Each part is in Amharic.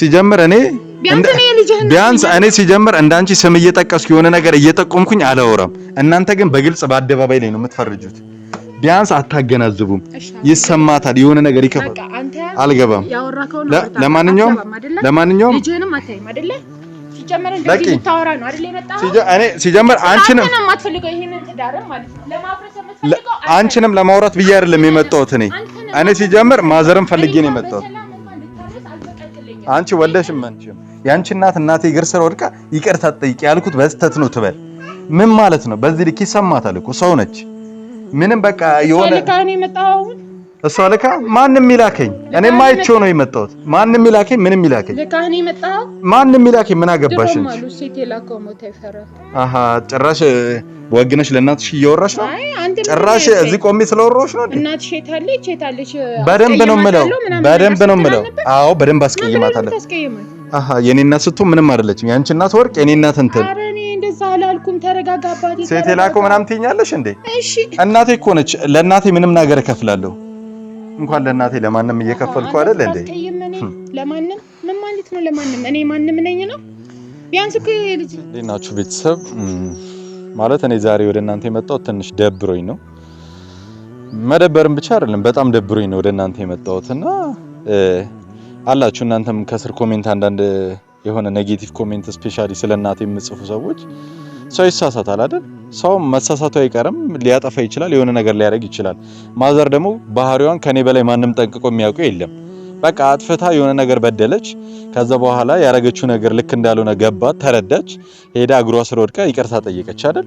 ሲጀምር እኔ ቢያንስ እኔ ሲጀምር እንዳንቺ ስም እየጠቀስኩ የሆነ ነገር እየጠቆምኩኝ አላወራም። እናንተ ግን በግልጽ በአደባባይ ላይ ነው የምትፈርጁት። ቢያንስ አታገናዝቡም። ይሰማታል፣ የሆነ ነገር ይከፋል። አልገባም። ለማንኛውም ለማንኛውም ሲጀምር አንቺንም ለማውራት ብዬ አይደለም የመጣሁት እኔ እኔ ሲጀምር ማዘርም ፈልጌ ነው የመጣሁት አንቺ ወለሽም አንቺም ያንቺ እናት እናቴ እግር ስር ወድቃ ይቅርታ ጠይቂ ያልኩት በስተት ነው ትበል። ምን ማለት ነው? በዚህ ልክ ይሰማታል እኮ ሰው ነች። ምንም በቃ የሆነ እሷ ልካ ማንም ይላከኝ፣ እኔ አይቼው ነው የመጣሁት። ማንም ይላከኝ፣ ምንም ይላከኝ፣ ይመጣው። ማንም ይላከኝ፣ ምን አገባሽ እንጂ። አሃ ጭራሽ ወግነሽ ለእናትሽ እያወራሽ ነው። ጭራሽ እዚህ ቆሜ ስለወራሁሽ ነው። በደንብ ነው የምለው፣ በደንብ ነው የምለው። አዎ በደንብ አስቀይማታለሁ። አሃ የኔ እናት ስትሆን ምንም አይደለችም። ያንቺ እናት ወርቅ፣ የኔ እናት እንትን እንደዛ አላልኩም። ተረጋጋ ሴት የላከው ምናምን ትይኛለሽ እንዴ? እሺ እናቴ እኮ ነች። ለእናቴ ምንም ነገር እከፍላለሁ እንኳን ለእናቴ ለማንም እየከፈልኩ አይደል እንዴ? ለማንም ምን ማለት ነው? ለማንም እኔ ማንም ነኝ ነው? ቢያንስ እኮ ልጅ ናችሁ ቤተሰብ ማለት እኔ ዛሬ ወደ እናንተ የመጣሁት ትንሽ ደብሮኝ ነው። መደበርም ብቻ አይደለም በጣም ደብሮኝ ነው ወደ እናንተ የመጣሁት እና አላችሁ እናንተም ከስር ኮሜንት፣ አንዳንድ የሆነ ኔጌቲቭ ኮሜንት ስፔሻሊ ስለ እናቴ የምጽፉ ሰዎች ሰው ይሳሳታል አይደል ሰው መሳሳቱ አይቀርም፣ ሊያጠፋ ይችላል፣ የሆነ ነገር ሊያደርግ ይችላል። ማዘር ደግሞ ባህሪዋን ከኔ በላይ ማንም ጠንቅቆ የሚያውቁ የለም። በቃ አጥፍታ የሆነ ነገር በደለች። ከዛ በኋላ ያደረገችው ነገር ልክ እንዳልሆነ ገባት፣ ተረዳች። ሄዳ እግሯ ስር ወድቃ ይቅርታ ጠየቀች አይደል?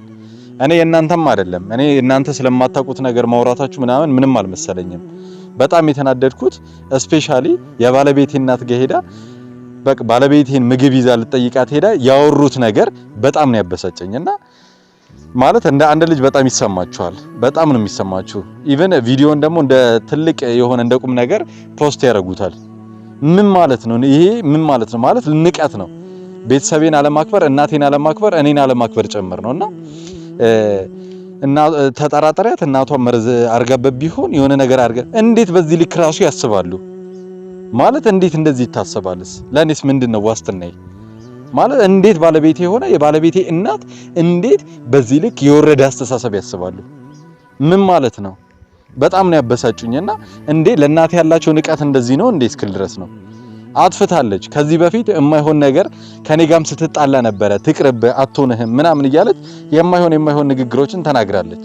እኔ የእናንተም አይደለም እኔ እናንተ ስለማታውቁት ነገር ማውራታችሁ ምናምን ምንም አልመሰለኝም። በጣም የተናደድኩት ስፔሻሊ የባለቤቴ እናት ጋር ሄዳ በቃ ባለቤቴን ምግብ ይዛ ልጠይቃት ሄዳ ያወሩት ነገር በጣም ነው ያበሳጨኝና ማለት እንደ አንድ ልጅ በጣም ይሰማችኋል። በጣም ነው የሚሰማችሁ። ኢቨን ቪዲዮን ደግሞ እንደ ትልቅ የሆነ እንደ ቁም ነገር ፖስት ያደርጉታል። ምን ማለት ነው ይሄ? ምን ማለት ነው? ማለት ንቀት ነው። ቤተሰቤን አለማክበር፣ እናቴን አለማክበር፣ እኔን አለማክበር ጭምር ነውና እና ተጠራጠሪያት እናቷ መርዝ አርጋበት ቢሆን የሆነ ነገር አርጋ እንዴት በዚህ ልክ ራሱ ያስባሉ? ማለት እንዴት እንደዚህ ይታሰባልስ? ለእኔስ ምንድን ነው ዋስትናዬ? ማለት እንዴት ባለቤቴ የሆነ የባለቤቴ እናት እንዴት በዚህ ልክ የወረደ አስተሳሰብ ያስባሉ? ምን ማለት ነው? በጣም ነው ያበሳጩኝና እንዴ ለእናት ያላቸው ንቀት እንደዚህ ነው እንዴ እስክል ድረስ ነው። አጥፍታለች። ከዚህ በፊት የማይሆን ነገር ከኔ ጋርም ስትጣላ ነበረ። ትቅርብ አትሆንህም ምናምን እያለች የማይሆን የማይሆን ንግግሮችን ተናግራለች።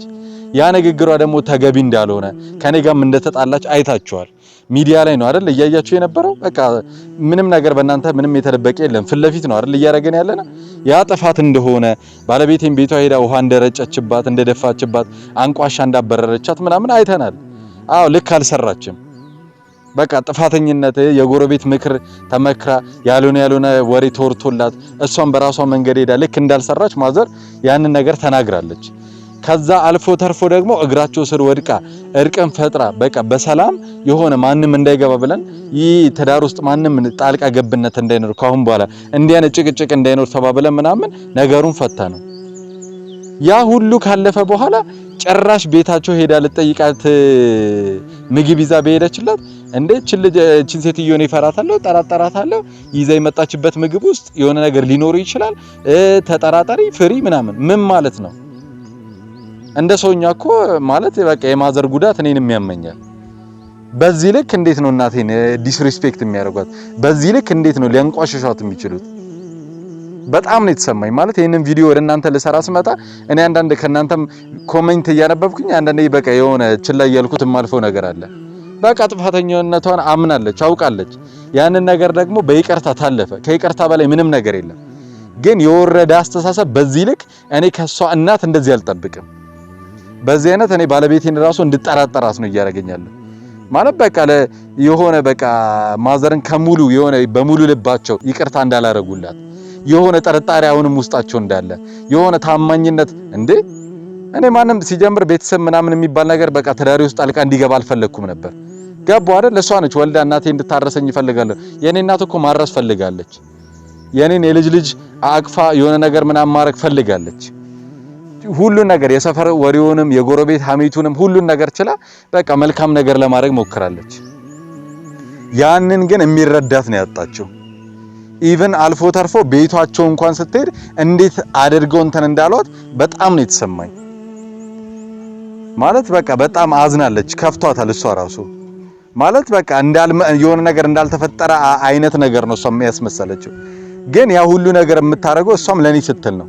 ያ ንግግሯ ደግሞ ተገቢ እንዳልሆነ ከኔ ጋርም እንደተጣላች አይታችኋል። ሚዲያ ላይ ነው አይደል እያያችሁ የነበረው። በቃ ምንም ነገር በእናንተ ምንም የተደበቀ የለም። ፊት ለፊት ነው አይደል እያደረገን ያለነ። ያ ጥፋት እንደሆነ ባለቤቴን ቤቷ ሄዳ ውሃ እንደረጨችባት፣ እንደደፋችባት፣ አንቋሻ እንዳበረረቻት ምናምን አይተናል። አዎ ልክ አልሰራችም። በቃ ጥፋተኝነት የጎረቤት ምክር ተመክራ ያልሆነ ያልሆነ ወሬ ተወርቶላት እሷን በራሷ መንገድ ሄዳ ልክ እንዳልሰራች ማዘር ያንን ነገር ተናግራለች። ከዛ አልፎ ተርፎ ደግሞ እግራቸው ስር ወድቃ እርቅን ፈጥራ በቃ በሰላም የሆነ ማንም እንዳይገባ ብለን ይህ ትዳር ውስጥ ማንም ጣልቃ ገብነት እንዳይኖር ካሁን በኋላ እንዲህ ጭቅጭቅ እንዳይኖር ተባብለን ምናምን ነገሩን ፈታ ነው። ያ ሁሉ ካለፈ በኋላ ጭራሽ ቤታቸው ሄዳ ልጠይቃት ምግብ ይዛ በሄደችላት እንዴ ችን ሴትዮ እኔ እፈራታለሁ፣ ጠራጠራታለሁ። ይዛ የመጣችበት ምግብ ውስጥ የሆነ ነገር ሊኖሩ ይችላል፣ ተጠራጣሪ ፍሪ ምናምን ምን ማለት ነው? እንደ ሰውኛ እኮ ማለት በቃ የማዘር ጉዳት እኔንም ያመኛል። በዚህ ልክ እንዴት ነው እናቴን ዲስሪስፔክት የሚያደርጓት? በዚህ ልክ እንዴት ነው ሊያንቋሸሿት የሚችሉት? በጣም ነው የተሰማኝ። ማለት ይህንን ቪዲዮ ወደ እናንተ ልሰራ ስመጣ እኔ አንዳንድ ከእናንተም ኮሜንት እያነበብኩኝ አንዳንዴ በቃ የሆነ ችላ እያልኩት የማልፈው ነገር አለ። በቃ ጥፋተኛነቷን አምናለች፣ አውቃለች። ያንን ነገር ደግሞ በይቅርታ ታለፈ። ከይቅርታ በላይ ምንም ነገር የለም። ግን የወረደ አስተሳሰብ በዚህ ልክ እኔ ከሷ እናት እንደዚህ አልጠብቅም። በዚህ አይነት እኔ ባለቤቴን ራሱ እንድጠራጠራት ነው እያደረገኛለሁ። ማለት በቃ የሆነ በቃ ማዘርን ከሙሉ የሆነ በሙሉ ልባቸው ይቅርታ እንዳላረጉላት የሆነ ጥርጣሬ አሁንም ውስጣቸው እንዳለ የሆነ ታማኝነት እንዴ እኔ ማንም ሲጀምር ቤተሰብ ምናምን የሚባል ነገር በቃ ትዳሪ ውስጥ ጣልቃ እንዲገባ አልፈለግኩም ነበር። ገባሁ አይደል? ለሷ ነች ወልዳ እናቴ እንድታረሰኝ እፈልጋለሁ። የኔ እናት እኮ ማረስ ፈልጋለች። የኔን የልጅ ልጅ አቅፋ የሆነ ነገር ምናምን ማድረግ ፈልጋለች። ሁሉን ነገር የሰፈር ወሬውንም የጎረቤት ሀሜቱንም ሁሉን ነገር ችላ በቃ መልካም ነገር ለማድረግ ሞክራለች። ያንን ግን የሚረዳት ነው ያጣችው። ኢቭን አልፎ ተርፎ ቤቷቸው እንኳን ስትሄድ እንዴት አድርገው እንትን እንዳሏት በጣም ነው የተሰማኝ። ማለት በቃ በጣም አዝናለች፣ ከፍቷታል። እሷ ራሱ ማለት በቃ የሆነ ነገር እንዳልተፈጠረ አይነት ነገር ነው እሷም ያስመሰለችው። ግን ያ ሁሉ ነገር የምታደርገው እሷም ለኔ ስትል ነው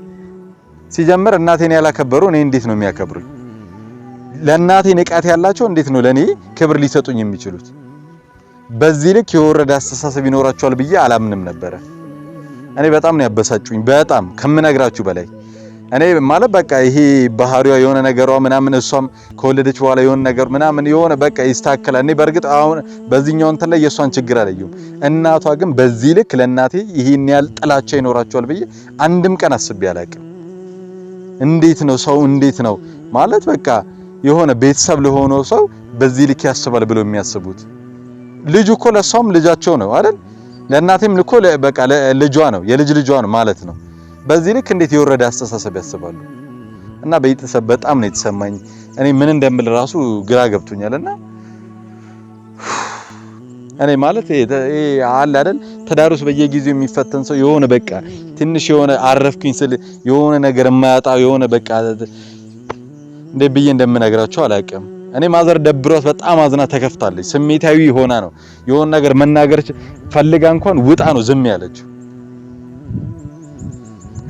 ሲጀምር እናቴን ያላከበሩ እኔ እንዴት ነው የሚያከብሩኝ? ለእናቴ ንቃት ያላቸው እንዴት ነው ለእኔ ክብር ሊሰጡኝ የሚችሉት? በዚህ ልክ የወረደ አስተሳሰብ ይኖራቸዋል ብዬ አላምንም ነበረ። እኔ በጣም ነው ያበሳጩኝ፣ በጣም ከምነግራችሁ በላይ እኔ ማለት በቃ ይሄ ባህሪዋ የሆነ ነገሯ ምናምን እሷም ከወለደች በኋላ የሆነ ነገር ምናምን የሆነ በቃ ይስተካከላል። እኔ በእርግጥ አሁን በዚህኛው እንትን ላይ የእሷን ችግር አለየሁም። እናቷ ግን በዚህ ልክ ለእናቴ ይህን ያህል ጥላቻ ይኖራቸዋል ብዬ አንድም ቀን አስቤ አላቅም። እንዴት ነው ሰው እንዴት ነው ማለት በቃ የሆነ ቤተሰብ ለሆነው ሰው በዚህ ልክ ያስባል ብለው የሚያስቡት ልጅ እኮ ለሷም ልጃቸው ነው አይደል? ለእናቴም እኮ በቃ ልጇ ነው የልጅ ልጇ ነው ማለት ነው። በዚህ ልክ እንዴት የወረደ አስተሳሰብ ያስባሉ። እና ቤተሰብ በጣም ነው የተሰማኝ። እኔ ምን እንደምል ራሱ ግራ ገብቶኛልና እኔ ማለት ይሄ አለ አይደል ተዳሩስ በየጊዜው የሚፈተን ሰው የሆነ በቃ ትንሽ የሆነ አረፍኩኝ ስል የሆነ ነገር የማያጣው የሆነ በቃ እንዴ ብዬ እንደምነግራቸው አላውቅም። እኔ ማዘር ደብሯት በጣም አዝና ተከፍታለች። ስሜታዊ ሆና ነው የሆነ ነገር መናገር ፈልጋ እንኳን ውጣ ነው ዝም ያለችው።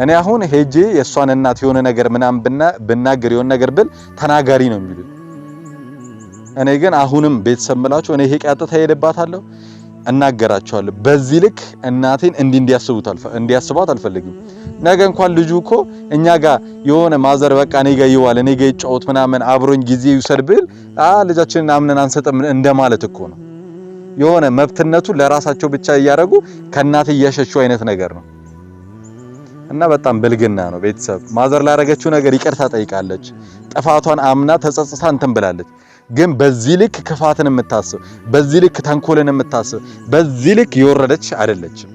እኔ አሁን ሄጄ የእሷን እናት የሆነ ነገር ምናምን ብና ብናገር የሆነ ነገር ብል ተናጋሪ ነው የሚሉት እኔ ግን አሁንም ቤተሰብ ምላችሁ እኔ ይሄ ቀጥታ ሄደባታለሁ እናገራቸዋለሁ። በዚህ ልክ እናቴን እንዲህ እንዲያስቡት እንዲያስባት አልፈልግም። ነገ እንኳን ልጁ እኮ እኛ ጋር የሆነ ማዘር በቃ እኔ ጋር ይዋል እኔ ጋር ይጫወት ምናምን አብሮኝ ጊዜ ይውሰድ ብል አ ልጃችንን አምነን አንሰጥም እንደማለት እኮ ነው። የሆነ መብትነቱ ለራሳቸው ብቻ እያደረጉ ከእናት እያሸሹ አይነት ነገር ነው እና በጣም ብልግና ነው። ቤተሰብ ማዘር ላደረገችው ነገር ይቅርታ ጠይቃለች። ጥፋቷን አምና ተጸጽታ እንትን ብላለች። ግን በዚህ ልክ ክፋትን የምታስብ በዚህ ልክ ተንኮልን የምታስብ በዚህ ልክ የወረደች አይደለችም።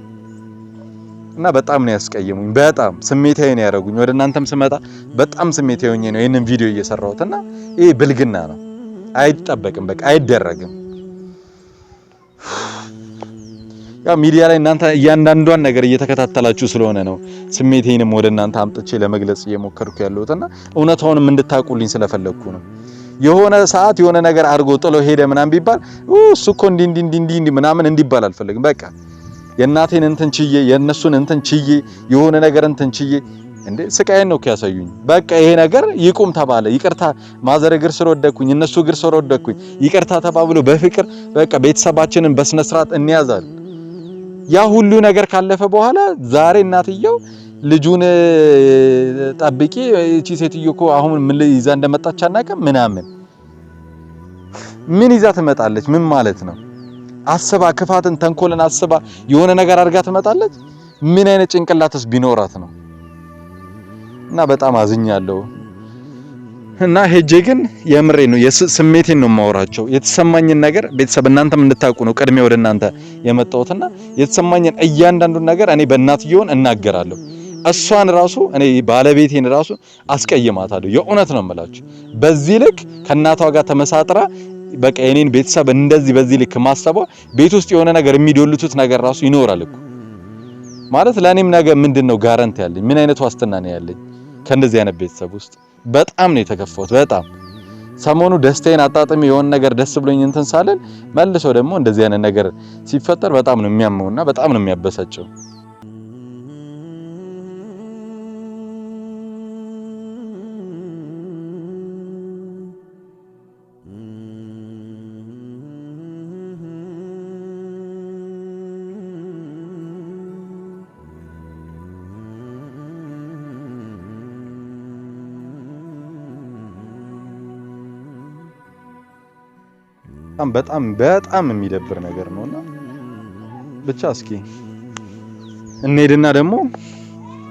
እና በጣም ነው ያስቀየሙኝ። በጣም ስሜታዊ ነው ያደረጉኝ። ወደ እናንተም ስመጣ በጣም ስሜታዊ ሆኜ ነው ይህንን ቪዲዮ እየሰራሁት እና ይሄ ብልግና ነው፣ አይጠበቅም፣ በቃ አይደረግም። ያው ሚዲያ ላይ እናንተ እያንዳንዷን ነገር እየተከታተላችሁ ስለሆነ ነው ስሜቴንም ወደ እናንተ አምጥቼ ለመግለጽ እየሞከርኩ ያለሁትና እውነታውንም እንድታውቁልኝ ስለፈለግኩ ነው። የሆነ ሰዓት የሆነ ነገር አድርጎ ጥሎ ሄደ ምናምን ቢባል እሱ እኮ እንዲ እንዲ እንዲ እንዲ ምናምን እንዲባል አልፈልግም። በቃ የእናቴን እንትን ችዬ የእነሱን እንትን ችዬ የሆነ ነገር እንትን ችዬ እንዴ ስቃዬን ነው ያሳዩኝ። በቃ ይሄ ነገር ይቁም ተባለ። ይቅርታ ማዘር እግር ስለወደኩኝ እነሱ እግር ስለወደኩኝ ይቅርታ ተባብሎ በፍቅር በቃ ቤተሰባችንን በስነ ስርዓት እንያዛል። ያ ሁሉ ነገር ካለፈ በኋላ ዛሬ እናትየው ልጁን ጠብቂ፣ እቺ ሴትዮ እኮ አሁን ምን ይዛ እንደመጣች አናውቅም ምናምን። ምን ይዛ ትመጣለች? ምን ማለት ነው? አስባ ክፋትን፣ ተንኮልን አስባ የሆነ ነገር አድርጋ ትመጣለች? ምን አይነት ጭንቅላትስ ቢኖራት ነው? እና በጣም አዝኛለሁ። እና ሄጄ ግን የምሬ ነው የስሜቴን ነው የማወራቸው የተሰማኝን ነገር ቤተሰብ እናንተም እንድታውቁ ነው ቅድሚያ ወደ እናንተ የመጣሁትና የተሰማኝን እያንዳንዱን ነገር እኔ በእናትየውን እናገራለሁ። እሷን ራሱ እኔ ባለቤቴን ራሱ አስቀይማታለሁ። የእውነት ነው የምላችሁ። በዚህ ልክ ከእናቷ ጋር ተመሳጥራ በቃ የኔን ቤተሰብ እንደዚህ በዚህ ልክ ማሰቧ ቤት ውስጥ የሆነ ነገር የሚዶልቱት ነገር ራሱ ይኖራል እኮ ማለት ለእኔም ነገር ምንድን ነው ጋረንት ያለኝ ምን አይነት ዋስትና ነው ያለኝ ከእንደዚህ አይነት ቤተሰብ ውስጥ በጣም ነው የተከፋሁት። በጣም ሰሞኑ ደስታዬን አጣጥሜ የሆነ ነገር ደስ ብሎኝ እንትን ሳለን መልሰው ደግሞ እንደዚህ አይነት ነገር ሲፈጠር በጣም ነው የሚያመውና በጣም ነው የሚያበሳጨው። በጣም በጣም በጣም የሚደብር ነገር ነውና ብቻ እስኪ እንሄድና ደግሞ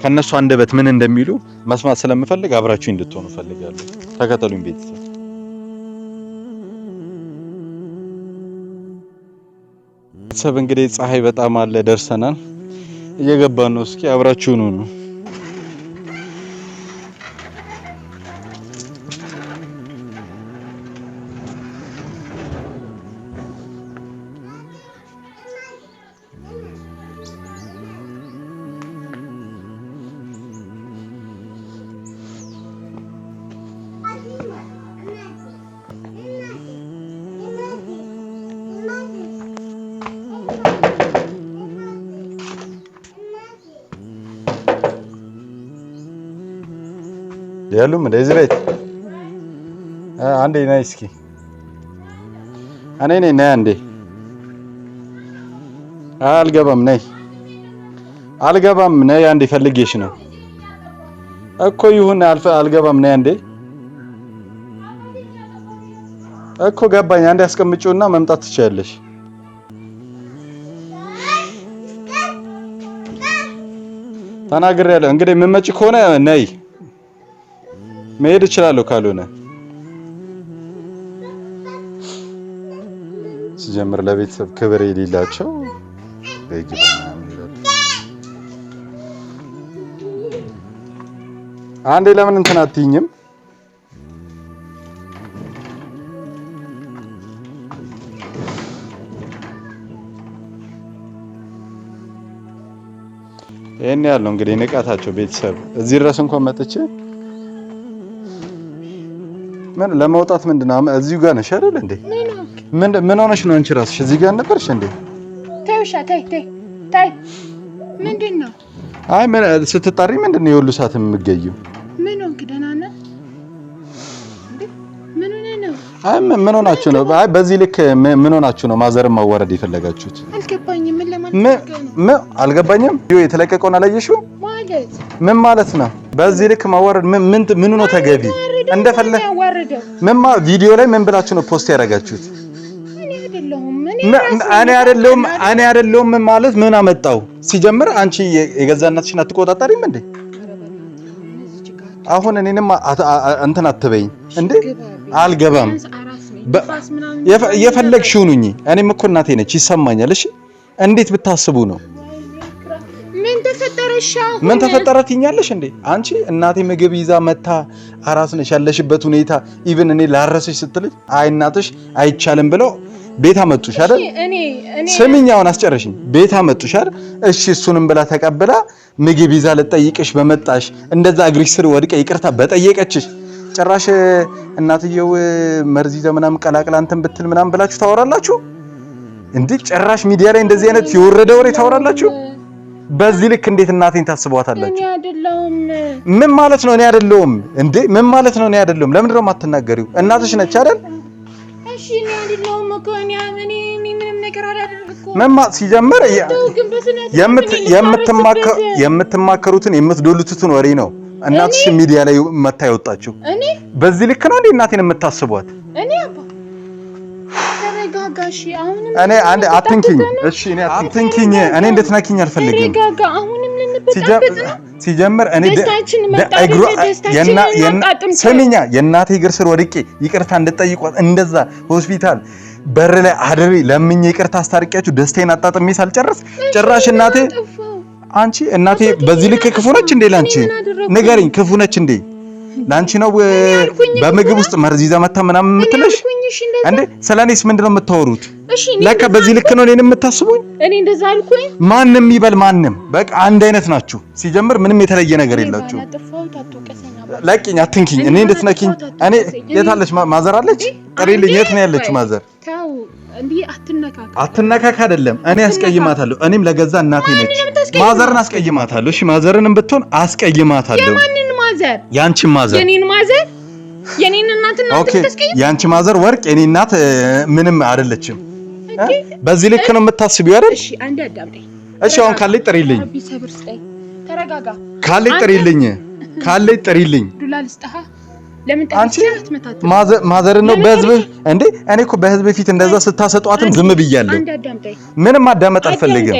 ከነሱ አንደበት ምን እንደሚሉ መስማት ስለምፈልግ አብራችሁ እንድትሆኑ ፈልጋለሁ። ተከተሉኝ ቤተሰብ። ቤተሰብ እንግዲህ ፀሐይ በጣም አለ፣ ደርሰናል፣ እየገባን ነው። እስኪ አብራችሁኑ ነው የሉም እንደዚህ ቤት አንዴ ነይ እስኪ እኔ ነኝ። ነይ አንዴ። አልገባም። ነይ አልገባም። ነይ አንዴ። ፈልጌሽ ነው እኮ ይሁን። አልፈ አልገባም። ነይ አንዴ እኮ ገባኝ። አንዴ አስቀምጪውና መምጣት ትችያለሽ። ተናግሬያለሁ። እንግዲህ የምትመጪ ከሆነ ነይ መሄድ እችላለሁ። ካልሆነ ሲጀምር ለቤተሰብ ክብር የሌላቸው አንዴ ለምን እንትን አትይኝም? ይህን ያለው እንግዲህ ንቃታቸው ቤተሰብ እዚህ ድረስ እንኳን መጥቼ ምን ለማውጣት ምንድን እዚሁ ጋር ነሽ አይደል እንዴ? ምን ምን ሆነሽ ነው? አንቺ ራስሽ እዚህ ጋር ነበርሽ እንዴ? ተይ ውሻ፣ ተይ ተይ ተይ። ምንድን አይ ምን ስትጣሪ ምንድነው ነው የሁሉ ሰዓት የምትገይው? ምን ሆንክ? ደህና ነህ? ምን ሆነህ ነው? አይ ምን ሆናችሁ ነው? አይ በዚህ ልክ ምን ሆናችሁ ነው ማዘርን ማዋረድ የፈለጋችሁት? አልገባኝም። ምን ለማለት ምን አልገባኝም። ይኸው የተለቀቀውን አላየሽውም? ምን ማለት ነው? በዚህ ልክ ማዋረድ ምን ምን ነው ተገቢ እንደፈለግ መማር ቪዲዮ ላይ ምን ብላችሁ ነው ፖስት ያደረጋችሁት? እኔ አይደለሁም እኔ አይደለሁም ማለት ምን አመጣው? ሲጀምር አንቺ የገዛ እናትሽን አትቆጣጠሪም እንዴ? አሁን እኔንም እንትን አትበይኝ እንዴ? አልገባም። የፈለግሽው ሁኚ። እኔም እኮ እናቴ ነች፣ ይሰማኛል። እሺ እንዴት ብታስቡ ነው ምን ተፈጠረ ትኛለሽ እንዴ? አንቺ እናቴ ምግብ ይዛ መታ አራስ ነሽ ያለሽበት ሁኔታ ኢቭን እኔ ላረሰሽ ስትልሽ አይ እናትሽ አይቻልም ብለው ቤት አመጡሽ አይደል? ስሚኝ አሁን አስጨረሽኝ። ቤት አመጡሽ አይደል? እሺ እሱንም ብላ ተቀብላ ምግብ ይዛ ልጠይቅሽ በመጣሽ እንደዛ እግርሽ ስር ወድቀ ይቅርታ በጠየቀችሽ ጭራሽ እናትየው መርዚ ይዛ ምናምን ቀላቅላ እንትን ብትል ምናምን ብላችሁ ታወራላችሁ እንዴ? ጭራሽ ሚዲያ ላይ እንደዚህ አይነት የወረደ ወሬ ታወራላችሁ። በዚህ ልክ እንዴት እናቴን ታስቧታላችሁ? ምን ማለት ነው? እኔ አይደለሁም እንዴ? ምን ማለት ነው? እኔ አይደለሁም? ለምንድን ነው የማትናገሪው? እናትሽ ነች አይደል? እሺ፣ እኔ አይደለሁም እኮ እኔ ምንም ነገር ሲጀምር የምትማከሩትን የምትዶልቱትን ወሬ ነው እናትሽ ሚዲያ ላይ መታ ያወጣችሁ። በዚህ ልክ ነው እንዴ እናቴን የምታስቧት? እኔ አንድ አትንኪኝ፣ እሺ እኔ አትንኪኝ። እኔ እንድትነኪኝ አልፈልግም። ሲጀምር እኔ ስሚኛ፣ የእናቴ እግር ስር ወድቄ ይቅርታ እንድጠይቋት እንደዛ ሆስፒታል በር ላይ አድሬ ለምኜ ይቅርታ አስታርቂያችሁ ደስታዬን አጣጥሜ ሳልጨርስ ጭራሽ እናቴ አንቺ እናቴ በዚህ ልክ ክፉ ነች እንዴ? ላንቺ ንገሪኝ፣ ክፉ ነች እንዴ? ለአንቺ ነው በምግብ ውስጥ መርዝ ይዛ መታ ምናምን የምትለሽ እንዴ? ስለኔስ ምንድን ነው የምታወሩት? ለካ በዚህ ልክ ነው እኔንም የምታስቡኝ? እኔ እንደዛ አልኩኝ። ማንም ይበል ማንም፣ በቃ አንድ አይነት ናችሁ። ሲጀምር ምንም የተለየ ነገር የላችሁ። ለቂኝ፣ አትንኪኝ፣ እኔ እንድትነኪኝ። እኔ የታለች ማዘር አለች? ጥሪልኝ። የት ነው ያለችው ማዘር? አትነካካ አይደለም። እኔ አስቀይማታለሁ። እኔም ለገዛ እናቴ ነች። ማዘርን አስቀይማታለሁ። እሺ ማዘርንም ብትሆን አስቀይማታለሁ። ማዘር ያንቺ ማዘር የኔን ማዘር የኔን እናትና ያንቺ ማዘር ወርቅ የኔ እናት ምንም አይደለችም። በዚህ ልክ ነው የምታስቢው አይደል? እሺ አንዴ አዳምጠኝ። እሺ አሁን ካለ ጥሪልኝ። ተረጋጋ። ካለ ጥሪልኝ፣ ካለ ጥሪልኝ። ዱላ ልስጥሃ። ለምን ማዘር ነው በህዝብ እንዴ? እኔ እኮ በህዝብ ፊት እንደዛ ስታሰጧትም ዝም ብያለሁ። ምንም ማዳመጥ አልፈልግም።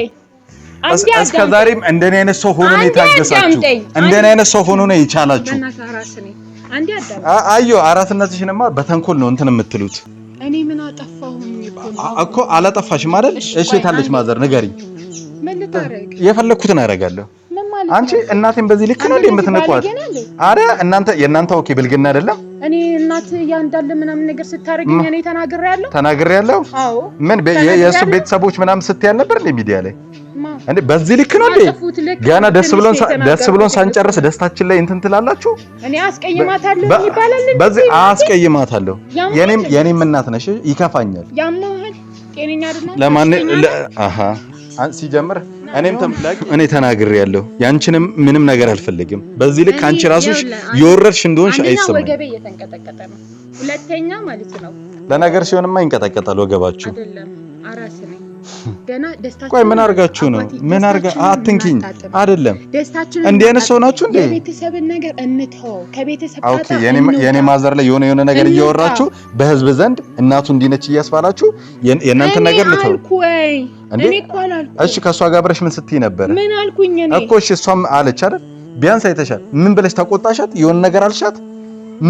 እስከዛሬም እንደኔ አይነት ሰው ሆኖ ነው የታገሳችሁ። እንደኔ አይነት ሰው ሆኖ ነው የቻላችሁ። አዮ አራስነትሽንማ በተንኮል ነው እንትን የምትሉት። እኔ ምን አጠፋሁ እኮ አላጠፋሽም አይደል? እሺ ታለች ማዘር ንገሪኝ። የፈለግኩትን አደርጋለሁ አንቺ እናቴን በዚህ ልክ ነው የምትነኳት? አረ እናንተ የእናንተ ኦኬ ብልግና አይደለም። እኔ እናት ያ ያንዳለ ምናምን ነገር ስታረግኝ እኔ ተናግሬያለሁ ተናግሬያለሁ። አዎ ምን የእሱ ቤተሰቦች ምናምን ስትያል ነበር እንዴ ሚዲያ ላይ እንዴ? በዚህ ልክ ነው እንዴ? ገና ደስ ብሎን ደስ ብሎን ሳንጨርስ ደስታችን ላይ እንትን ትላላችሁ። እኔ አስቀይማታለሁ ይባላል። እንዴ በዚህ አስቀይማታለሁ። የኔም የኔም እናት ነሽ፣ ይከፋኛል። ያማሃል ጤነኛ ሲጀምር እኔም ተምላክ እኔ ተናግሬ ያለሁ ያንቺንም ምንም ነገር አልፈልግም። በዚህ ልክ አንቺ ራስሽ የወረድሽ እንደሆንሽ አይሰማም። ወገቤ እየተንቀጠቀጠ ነው። ሁለተኛ ማለት ነው ለነገር ሲሆንማ ይንቀጠቀጣል ወገባችሁ። አይደለም አራስ ነኝ ገና ደስታችን ቆይ ምን አርጋችሁ ነው? ምን አርጋ አትንኪኝ። አይደለም ደስታችን እንዴ አይነት ሰው ናችሁ እንዴ? የቤተሰብን ነገር እንተው። ከቤተሰብ ኦኬ፣ የኔ የኔ ማዘር ላይ የሆነ የሆነ ነገር እያወራችሁ በህዝብ ዘንድ እናቱ እንዲነች እያስባላችሁ የእናንተ ነገር ልተው እንዴ? እሺ፣ ከሷ ጋር አብረሽ ምን ስትይ ነበር? ምን አልኩኝ እኔ እኮ እሺ፣ እሷም አለች አይደል? ቢያንስ አይተሻል። ምን ብለሽ ተቆጣሻት? የሆነ ነገር አልሻት?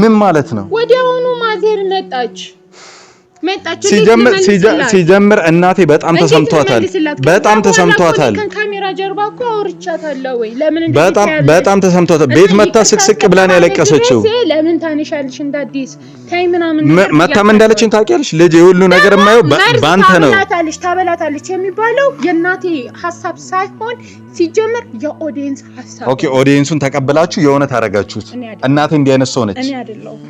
ምን ማለት ነው? ወዲያውኑ ማዘር መጣች። ሲጀምር እናቴ በጣም ተሰምቷታል፣ በጣም ተሰምቷታል፣ በጣም ተሰምቷታል። ቤት መታ ስቅስቅ ብላን ያለቀሰችው መታ ምን እንዳለችን ታውቂያለሽ። ልጅ የሁሉ ነገር የማየው ባንተ ነው። ታበላታለች የሚባለው የእናቴ ሀሳብ ሳይሆን ሲጀምር የኦዲየንስ ሀሳብ። ኦኬ ኦዲየንሱን ተቀበላችሁ? የእውነት አደረጋችሁት። እናቴ እንዲህ ነች። እኔ አይደለሁም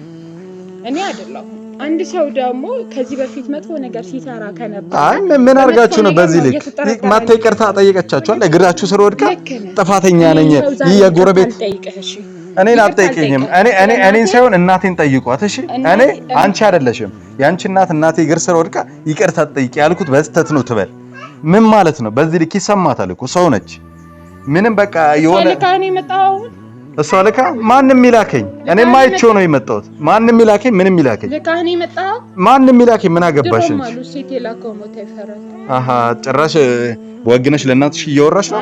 እኔ አይደለሁም አንድ ሰው ደግሞ ከዚህ በፊት መጥፎ ነገር ሲሰራ ከነበረ አይ ምን አርጋችሁ ነው በዚህ ልክ ማታ ይቅርታ ጠየቀቻችኋል? እግራችሁ ስር ወድቃ ጥፋተኛ ነኝ ይህ የጎረቤት እኔን አትጠይቅኝም። እኔ እኔ እኔን ሳይሆን እናቴን ጠይቋት። እሺ እኔ አንቺ አይደለሽም ያንቺ እናት እናቴ እግር ስር ወድቃ ይቅርታ ጠይቂ ያልኩት በስተት ነው ትበል። ምን ማለት ነው? በዚህ ልክ ይሰማታል እኮ ሰው ነች። ምንም በቃ የሆነ እሷ ልካ ማንም ይላከኝ እኔ አይቼው ነው የመጣሁት። ማንም ይላከኝ ምንም ይላከኝ ማንም ይላከኝ ምን አገባሽ እንጂ። አሀ ጭራሽ ወግነሽ ለእናትሽ እያወራሽ ነው።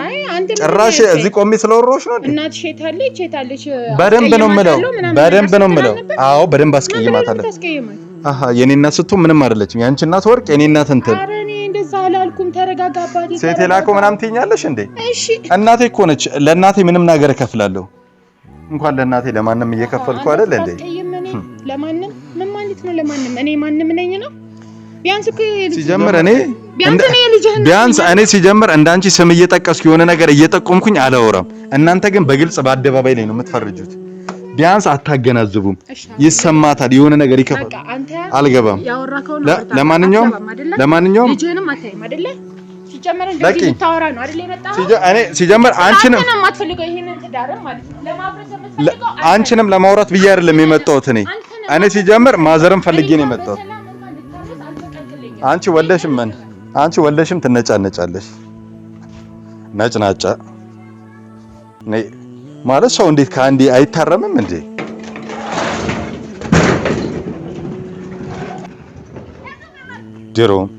ጭራሽ እዚህ ቆሜ ስለወራሁሽ ነው። በደንብ ነው የምለው፣ በደንብ ነው የምለው። አዎ በደንብ አስቀይማታለሁ። አሀ የኔ እናት ስትሆን ምንም አይደለችም። ያንቺ እናት ወርቅ፣ የኔ እናት እንትን ሴት የላከው ምናምን ትይኛለሽ እንዴ? እሺ እናቴ እኮ ነች። ለእናቴ ምንም ነገር እከፍላለሁ እንኳን ለእናቴ ለማንም እየከፈልኩ አይደል እንዴ? ለማንም ምን ማለት ነው? ለማንም እኔ ማንም ነኝ ነው? ቢያንስ እኮ ሲጀምር እኔ ቢያንስ እኔ ሲጀምር እንዳንቺ ስም እየጠቀስኩ የሆነ ነገር እየጠቆምኩኝ አላወራም። እናንተ ግን በግልጽ በአደባባይ ላይ ነው የምትፈርጁት። ቢያንስ አታገናዝቡም። ይሰማታል፣ የሆነ ነገር ይከፋል። አልገባም። ለማንኛውም ለማንኛውም ሲጀመር እንደዚህ ልታወራ ነው አይደል የመጣኸው? እኔ ሲጀመር አንቺንም የማትፈልገው ይሄንን ማለት ነው አንቺንም ለማውራት ብዬ አይደለም የመጣሁት። እኔ እኔ ሲጀመር ማዘርም ፈልጌ ነው የመጣሁት። አንቺ ወለሽም ምን አንቺ ወለሽም ትነጫነጫለሽ። ነጭናጫ እኔ ማለት ሰው እንዴት ከአንዴ አይታረምም እንዴ? ድሮም